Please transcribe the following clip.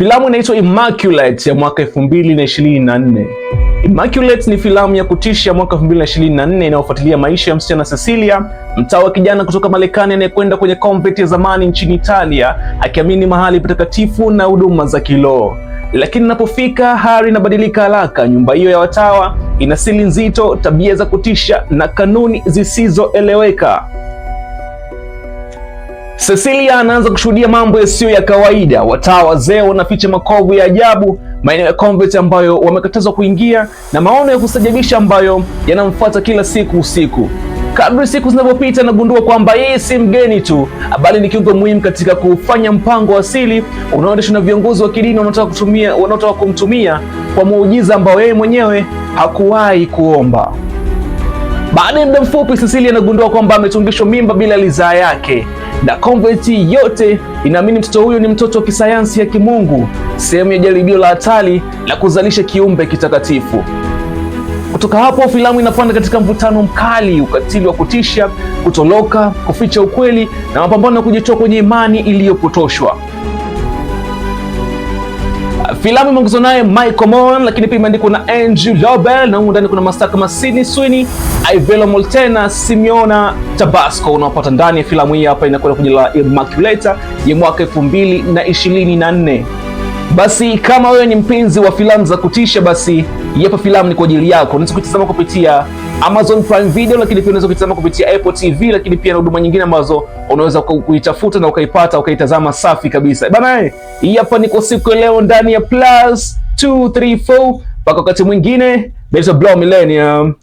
Filamu inaitwa Immaculate ya mwaka 2024. Immaculate ni filamu ya kutisha mwaka 2024 inayofuatilia maisha ya msichana Cecilia, mtawa kijana kutoka Marekani anayekwenda kwenye convent ya zamani nchini Italia, akiamini mahali patakatifu na huduma za kiroho. Lakini inapofika hali inabadilika haraka. Nyumba hiyo ya watawa ina siri nzito, tabia za kutisha na kanuni zisizoeleweka. Cecilia anaanza kushuhudia mambo yasiyo ya kawaida. Wataa wazee wanaficha makovu ya ajabu, maeneo ya convent ambayo wamekatazwa kuingia, na maono ya kusajabisha ambayo yanamfuata kila siku usiku. Kadri siku zinavyopita, anagundua kwamba yeye si mgeni tu, bali ni kiungo muhimu katika kufanya mpango wa asili unaoendeshwa na viongozi wa kidini wanaotaka kumtumia kwa muujiza ambao yeye mwenyewe hakuwahi kuomba. Baada ya muda mfupi, Cecilia anagundua kwamba ametungishwa mimba bila ridhaa yake, na konventi yote inaamini mtoto huyo ni mtoto wa kisayansi ya kimungu, sehemu ya jaribio la hatari la kuzalisha kiumbe kitakatifu. Kutoka hapo filamu inapanda katika mvutano mkali, ukatili wa kutisha, kutoloka kuficha ukweli na mapambano ya kujitoa kwenye imani iliyopotoshwa. Filamu imeongozwa naye Michael Mon, lakini pia imeandikwa na Andrew Lobel, na humu ndani kuna mastaa kama Sydney Sweeney, Ivelo Moltena, Simeona Tabasco unaopata ndani ya filamu hii hapa, inakwenda kwenye la Immaculata ya mwaka 2024. Basi kama wewe ni mpenzi wa filamu za kutisha, basi hapa filamu ni kwa ajili yako. Unaweza kutazama kupitia Amazon Prime Video, lakini pia unaweza kuitazama kupitia Apple TV, lakini pia na huduma nyingine ambazo unaweza kuitafuta na ukaipata ukaitazama safi kabisa bana. Hii hapa niko siku leo ndani ya Plus 234 mpaka wakati mwingine, better blow millennium.